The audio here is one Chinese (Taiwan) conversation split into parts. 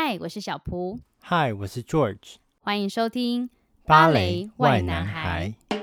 嗨，Hi, 我是小蹼。嗨，我是 George。歡迎收聽《芭蕾 why 男孩》。孩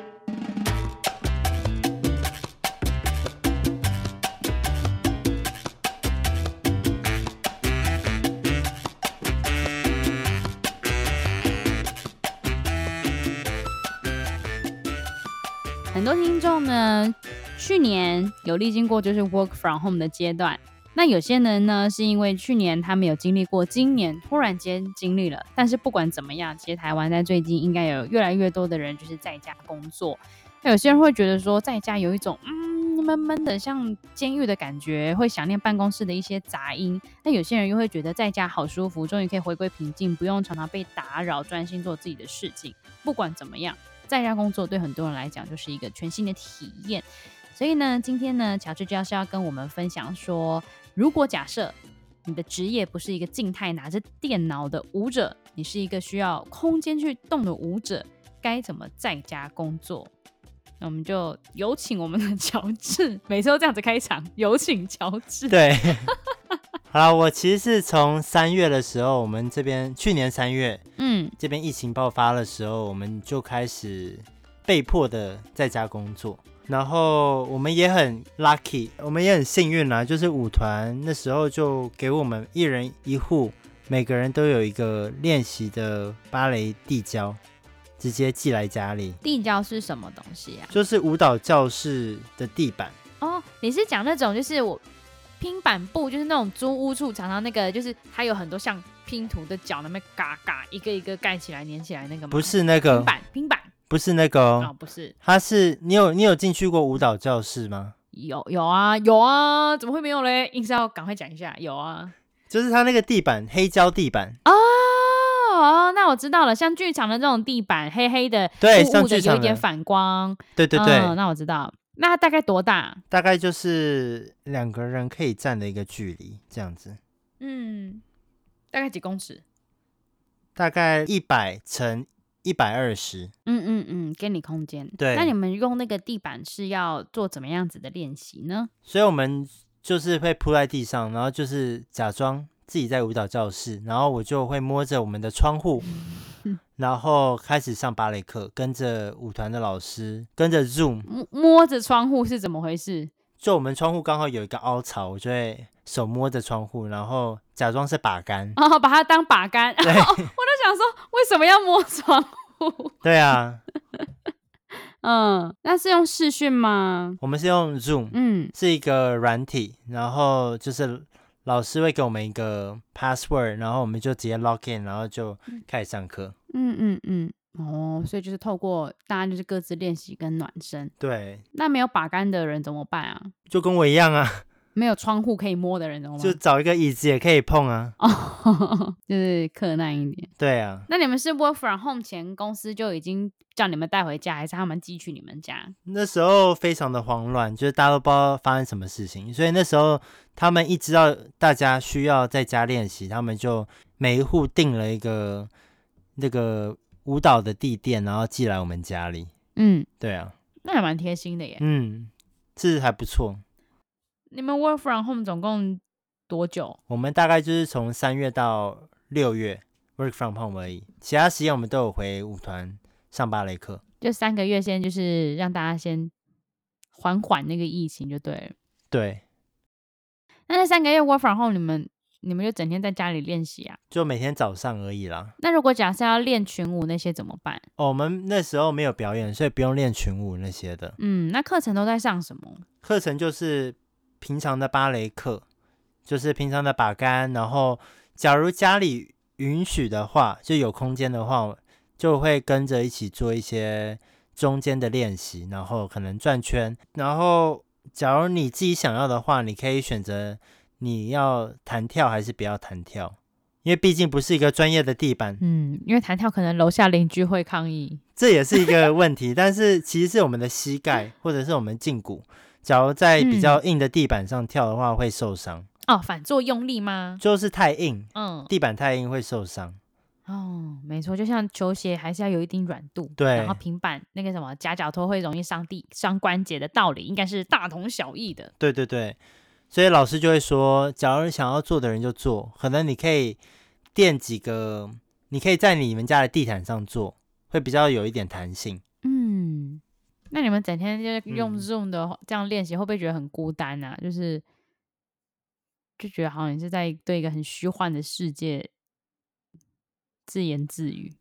很多聽眾呢，去年有歷經過就是 work from home 的階段。那有些人呢，是因為去年他沒有經歷過，今年突然間經歷了。但是不管怎麼樣，其實台灣在最近應該有越來越多的人就是在家工作。那有些人會覺得說，在家有一種嗯悶悶的像監獄的感覺，會想念辦公室的一些雜音。那有些人又會覺得在家好舒服，終於可以回歸平靜，不用常常被打擾，專心做自己的事情。不管怎麼樣，在家工作對很多人來講就是一個全新的體驗。所以呢，今天呢，喬治教是要跟我們分享說。如果假設你的職業不是一個靜態拿着電腦的舞者，你是一個需要空間去動的舞者，該怎麼在家工作？那我們就有請我們的喬治，每次都這樣子開場，有請喬治。對，好了，我其實是從三月的時候，我們這邊去年三月，嗯，這邊疫情爆發的時候，我們就開始被迫的在家工作。然後我們也很 lucky，我們也很幸運啦、啊。就是舞團那時候就給我們一人一戶，每個人都有一個練習的芭蕾地膠，直接寄來家裡。地膠是什麼東西啊？就是舞蹈教室的地板。哦，你是講那種就是我拼板布，就是那種租屋處常常那個，就是它有很多像拼圖的角，那邊嘎嘎一個一個蓋起來、粘起來那個嗎？不是那個拼板，拼板。不是那個、哦哦，不是，他是你有你有進去過舞蹈教室嗎？有有啊有啊，怎麼會沒有嘞？硬是要趕快講一下，有啊，就是它那個地板黑膠地板哦。哦那我知道了，像劇場的那種地板，黑黑的，對，霧霧像劇場有一點反光，對對對、呃，那我知道，那大概多大？大概就是兩個人可以站的一個距離這樣子，嗯，大概幾公尺？大概一百乘。一百二十。嗯嗯嗯，給你空間。對。那你們用那個地板是要做怎麼樣子的練習呢？所以我們就是會鋪在地上，然後就是假裝自己在舞蹈教室，然後我就會摸着我們的窗戶，嗯、然後開始上芭蕾課，跟着舞團的老師，跟着 Zoom 摸摸着窗戶是怎麼回事？就我們窗戶剛好有一個凹槽，我就會手摸着窗戶，然後假裝是把杆、哦、，然後把它當把杆。對。 想說為什麼要摸窗戶？對啊， 嗯，那是用視訊嗎？我們是用 Zoom，嗯，是一個軟體，然後就是老師會給我們一個 password，然後我們就直接 log in，然後就開始上課。嗯，嗯嗯嗯，哦，所以就是透過大家就是各自練習跟暖身。對，那沒有把杆的人怎麼辦啊？就跟我一樣啊。沒有窗戶可以摸的人，就找一個椅子也可以碰啊。哦，oh, 就是克難一點。對啊。那你們是 work from home 前，公司就已經叫你們帶回家，還是他們寄去你們家？那時候非常的慌亂，就是大家都不知道發生什麼事情，所以那時候他們一知道大家需要在家練習，他們就每一戶訂了一個那個舞蹈的地墊，然後寄來我們家裡。嗯，對啊。那還蠻貼心的耶。嗯，這是還不錯。你們 work from home 總共多久？我們大概就是從三月到六月 work from home 而已，其他時間我們都有回舞團上芭蕾課。就三個月先，就是讓大家先緩緩那個疫情就對了。對。那那三個月 work from home 你們你們就整天在家裡練習啊？就每天早上而已啦。那如果假設要練群舞那些怎麼辦？哦，我們那時候沒有表演，所以不用練群舞那些的。嗯，那課程都在上什麼？課程就是。平常的芭蕾課，就是平常的把杆。然後，假如家裡允許的話，就有空間的話，就會跟着一起做一些中間的練習。然後可能轉圈。然後，假如你自己想要的話，你可以選擇你要彈跳還是不要彈跳，因為畢竟不是一個專業的地板。嗯，因為彈跳可能樓下鄰居會抗議，這也是一個問題。 但是，其實是我們的膝蓋或者是我們脛骨。假如在比較硬的地板上跳的話，會受傷，嗯。哦，反作用力嗎？就是太硬，嗯，地板太硬會受傷。哦，沒錯，就像球鞋還是要有一點軟度。對，然後平板那個什麼夾腳拖會容易傷地傷關節的道理，應該是大同小異的。對對對，所以老師就會說，假如想要做的人就做，可能你可以墊幾個，你可以在你們家的地毯上坐，會比較有一點彈性。那你們整天就是用 Zoom 的這樣練習，會不會覺得很孤單啊？就是就覺得好像是在對一個很虛幻的世界自言自語。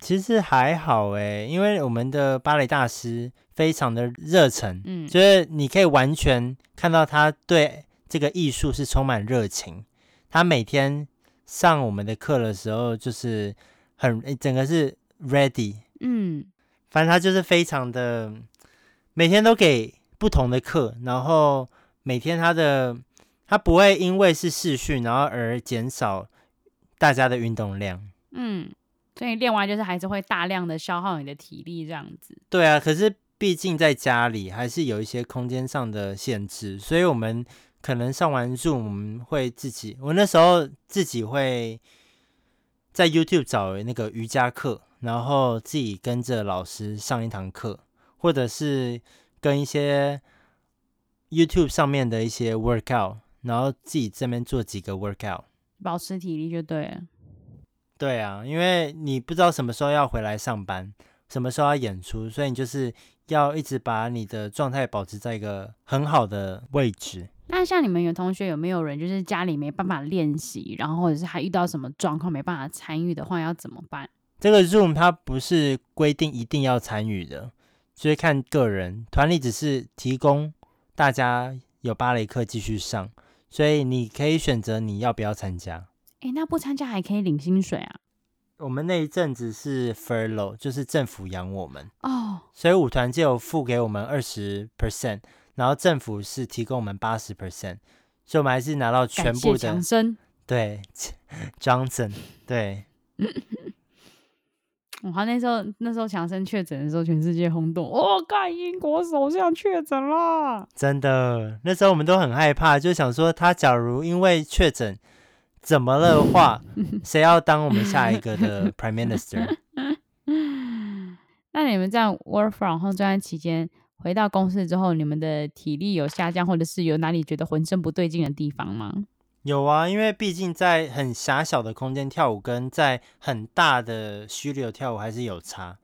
其實還好誒，因為我們的芭蕾大師非常的熱忱，嗯，就是你可以完全看到他對這個藝術是充滿熱情。他每天上我們的課的時候，就是很整個是 ready，嗯，反正他就是非常的。每天都給不同的課，然後每天他的他不會因為是視訊，然後而減少大家的運動量。嗯，所以練完就是還是會大量的消耗你的體力，這樣子。對啊，可是畢竟在家裡還是有一些空間上的限制，所以我們可能上完 Zoom，我們會自己我那時候自己會在 YouTube 找那個瑜伽課，然後自己跟着老師上一堂課。或者是跟一些 YouTube 上面的一些 workout，然後自己這邊做幾個 workout，保持體力就對了。對啊，因為你不知道什麼時候要回來上班，什麼時候要演出，所以你就是要一直把你的狀態保持在一個很好的位置。那像你們有同學有沒有人就是家裡沒辦法練習，然後或者是還遇到什麼狀況沒辦法參與的話，要怎麼辦？這個 Zoom 它不是規定一定要參與的。所以看個人，團裡只是提供大家有芭蕾課繼續上，所以你可以選擇你要不要參加。誒、欸，那不參加還可以領薪水啊？我們那一陣子是 furlough，就是政府養我們哦，oh. 所以舞團就有付給我們二十 percent，然後政府是提供我們八十 percent，所以我們還是拿到全部的。感謝強生，對。 Johnson，對 我還那時候，那時候強生確診的時候，全世界轟動。我、哦、幹英國首相確診了，真的。那時候我們都很害怕，就想說他假如因為確診怎麼了的話，誰 要當我們下一個的 Prime Minister？那你們在 Work from home 這段期間，回到公司之後，你們的體力有下降，或者是有哪裡覺得渾身不對勁的地方嗎？有啊，因為畢竟在很狹小的空間跳舞，跟在很大的虛擬跳舞還是有差。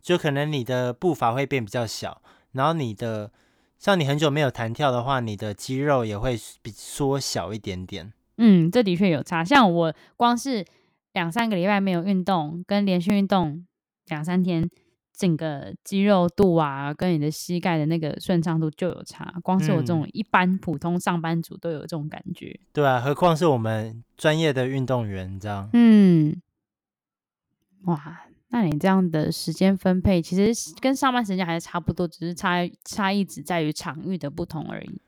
就可能你的步伐會變比較小，然後你的，像你很久沒有彈跳的話，你的肌肉也會比縮小一點點。嗯，這的確有差。像我光是兩三個禮拜沒有運動，跟連續運動兩三天。整個肌肉度啊，跟你的膝蓋的那個順暢度就有差。光是我這種一般普通上班族都有這種感覺。嗯。對啊，何況是我們專業的運動員這樣。嗯，哇，那你這樣的時間分配，其實跟上班時間還是差不多，只是差差異只在於場域的不同而已。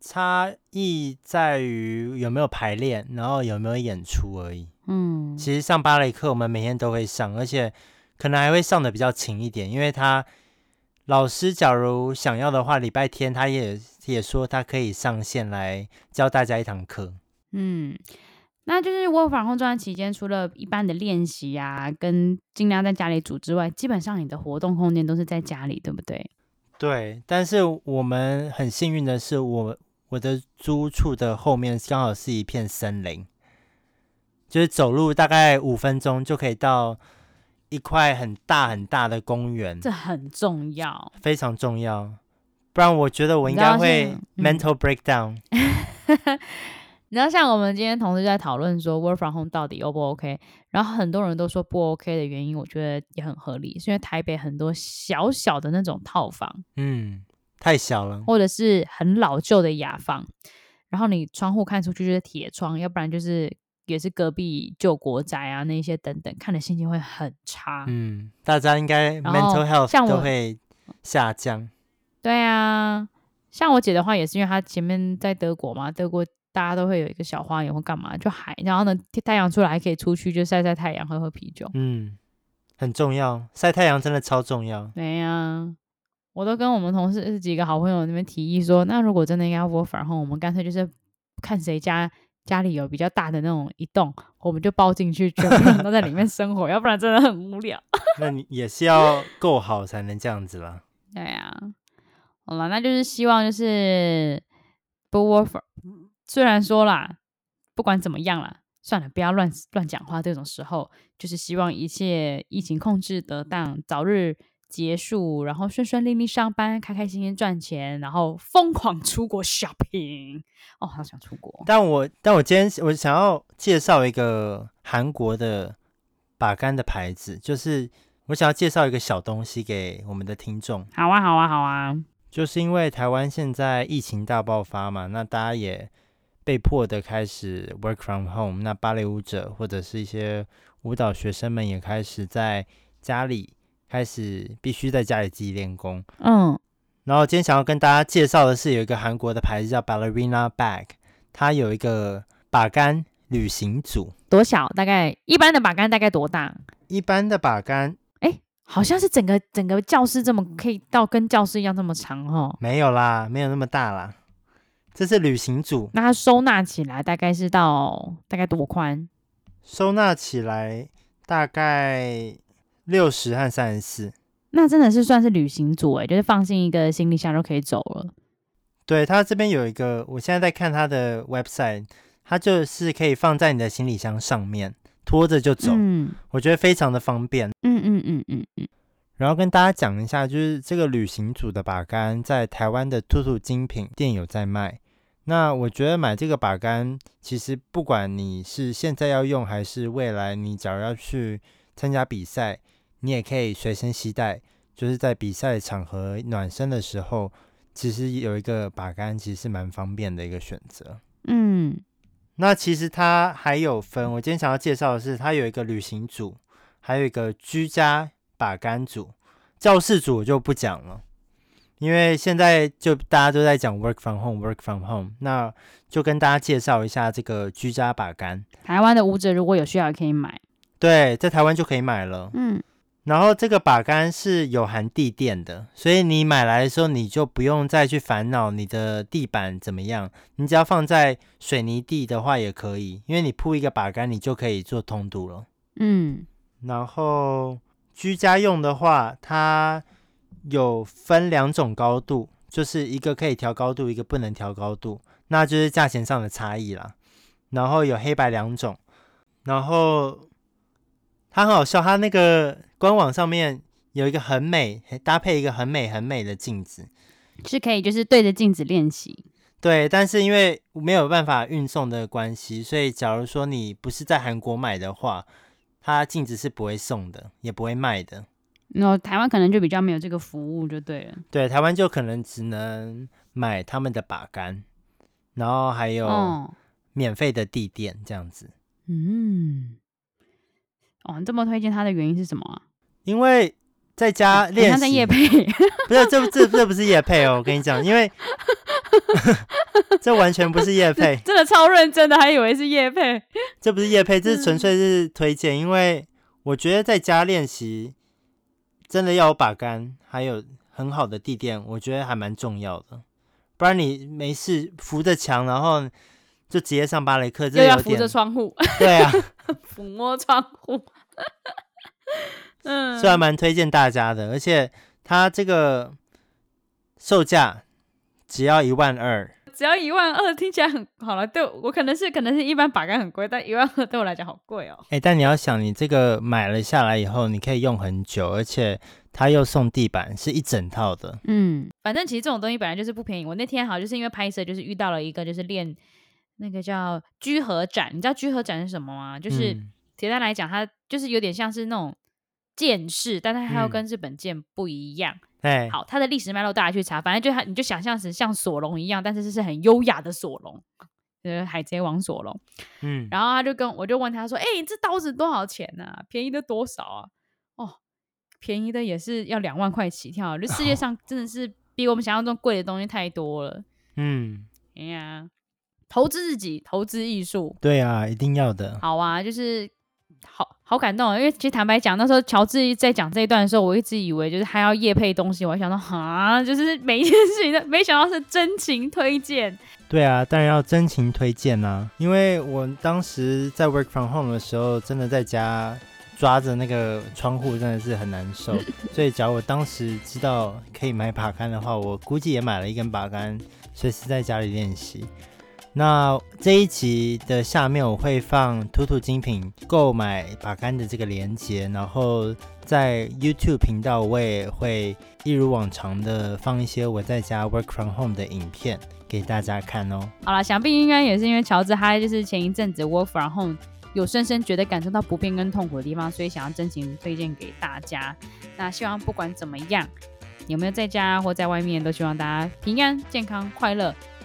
差異在於有沒有排練，然後有沒有演出而已。嗯，其實上芭蕾課我們每天都會上，而且。可能還會上的比較勤一點，因為他老師假如想要的話，禮拜天他也也說他可以上線來教大家一堂課。嗯，那就是我防工專期間，除了一般的練習啊，跟盡量在家裡煮之外，基本上你的活動空間都是在家裡，對不對？對，但是我們很幸運的是我，我我的租處的後面剛好是一片森林，就是走路大概五分鐘就可以到。一塊很大很大的公園，這很重要，非常重要。不然我覺得我應該會 mental breakdown。然後像、嗯、 像我們今天同事在討論說 Work From Home 到底 O 不 OK，然後很多人都說不 OK 的原因，我覺得也很合理，是因為台北很多小小的那種套房，嗯，太小了，或者是很老舊的雅房，然後你窗戶看出去就是鐵窗，要不然就是。也是隔壁舊國宅啊，那些等等，看了心情會很差。嗯，大家應該 mental health 都會下降。對啊，像我姐的話，也是因為她前面在德國嘛，德國大家都會有一個小花園或幹嘛，就海，然後呢太陽出來還可以出去就曬晒太陽，喝喝啤酒。嗯，很重要，曬太陽真的超重要。對啊，我都跟我們同事幾個好朋友那邊提議說，那如果真的應該要 WFH，我們乾脆就是看誰家。家裡有比較大的那種一棟，我們就包進去，全部人都在裡面生活， 要不然真的很無聊。 那你也是要夠好才能這樣子吧？ 對呀、啊。好了，那就是希望就是，不過雖然說啦，不管怎麼樣啦，算了，不要亂亂講話。這種時候就是希望一切疫情控制得當，早日結束，然後順順利利上班，開開心心賺錢，然後瘋狂出國 shopping 哦，好想出國！但我但我今天我想要介紹一個韓國的把杆的牌子，就是我想要介紹一個小東西給我們的聽眾。好啊，好啊，好啊！就是因為台灣現在疫情大爆發嘛，那大家也被迫的開始 work from home，那芭蕾舞者或者是一些舞蹈學生們也開始在家裡。開始必須在家裡自己練功。嗯，然後我今天想要跟大家介紹的是有一個韓國的牌子叫 Barreinabag，它有一個把杆旅行組。多小？大概一般的把杆大概多大？一般的把杆，哎、欸，好像是整個整個教室這麼可以到跟教室一樣這麼長哈？哦、沒有啦，沒有那麼大啦。這是旅行組，那它收納起來大概是到大概多寬？收納起來大概。六十和三十四，那真的是算是旅行組誒、欸，就是放進一個行李箱就可以走了。對，它這邊有一個，我現在在看它的 website，它就是可以放在你的行李箱上面，拖着就走，嗯，我覺得非常的方便，嗯嗯嗯嗯嗯。嗯嗯嗯嗯然後跟大家講一下，就是這個旅行組的把杆在台灣的兔兔精品店有在賣。那我覺得買這個把杆，其實不管你是現在要用，還是未來你假如要去參加比賽。你也可以隨身攜帶，就是在比賽場合暖身的時候，其實有一個把杆，其實是蠻方便的一個選擇。嗯，那其實它還有分。我今天想要介紹的是，它有一個旅行組，還有一個居家把杆組。教室組就不講了，因為現在就大家都在講 work from home，work from home，那就跟大家介紹一下這個居家把杆。台灣的舞者如果有需要，也可以買。對，在台灣就可以買了。嗯。然後這個把杆是有含地墊的，所以你買來的時候，你就不用再去煩惱你的地板怎麼樣，你只要放在水泥地的話也可以，因為你鋪一個把杆，你就可以做通度了。嗯，然後居家用的話，它有分兩種高度，就是一個可以調高度，一個不能調高度，那就是價錢上的差異啦。然後有黑白兩種，然後。它很好笑，他那個官網上面有一個很美，搭配一個很美很美的鏡子，是可以就是對着鏡子練習。對，但是因為沒有辦法運送的關係，所以假如說你不是在韓國買的話，它鏡子是不會送的，也不會賣的。那台灣可能就比較沒有這個服務，就對了。對，台灣就可能只能買他們的把杆，然後還有免費的地墊這樣子。哦、嗯。哦，你這麼推薦他的原因是什麼、啊？因為在家練習，欸、他在業配，不是，這這這不是業配哦， 我跟你講，因為 這完全不是業配，真的超認真的，還以為是業配。這不是業配，嗯、這是純粹是推薦，因為我覺得在家練習真的要有把杆，還有很好的地墊，我覺得還蠻重要的。不然你沒事扶着牆，然後就直接上芭蕾課，這又要扶着窗戶，對啊，撫 摸窗戶。 嗯，雖然蠻推薦大家的，而且它這個售價只要一萬二，只要一萬二，聽起來很好了。對我，我可能是可能是一般把杆很貴，但一萬二對我來講好貴哦、喔。哎、欸，但你要想，你這個買了下來以後，你可以用很久，而且它又送地板，是一整套的。嗯，反正其實這種東西本來就是不便宜。我那天好像就是因為拍攝，就是遇到了一個就是練那個叫居合斬。你知道居合斬是什麼嗎？就是、嗯。簡單來講，它就是有點像是那種劍士，但是他又跟日本劍不一樣。嗯、好，它的歷史脈絡大家去查，反正就它，你就想象成像索隆一樣，但是這是很優雅的索隆，呃、就是，海賊王索隆。嗯，然後他就跟我就問他說：“哎、欸，這刀子多少錢呢、啊？便宜的多少啊？哦，便宜的也是要兩萬塊起跳。這、哦、世界上真的是比我們想象中貴的東西太多了。嗯，哎呀，投資自己，投資藝術，對啊，一定要的。好啊，就是。”好感動，因為其實坦白講，那時候喬治在講這一段的時候，我一直以為就是他要業配東西，我還想到啊，就是每一件事情都沒想到是真情推薦。對啊，當然要真情推薦啦，啊，因為我當時在 work from home 的時候，真的在家抓着那個窗戶，真的是很難受。 所以，只要我當時知道可以買把桿的話，我估計也買了一根把桿，隨時在家裡練習。那這一集的下面我會放兔兔精品購買把杆的這個連結，然後在 YouTube 頻道我也會一如往常的放一些我在家 work from home 的影片給大家看哦。好啦，想必應該也是因為喬治他就是前一陣子 work from home 有深深覺得感受到不便跟痛苦的地方，所以想要真情推薦給大家。那希望不管怎麼樣，有沒有在家或在外面，都希望大家平安、健康、快樂。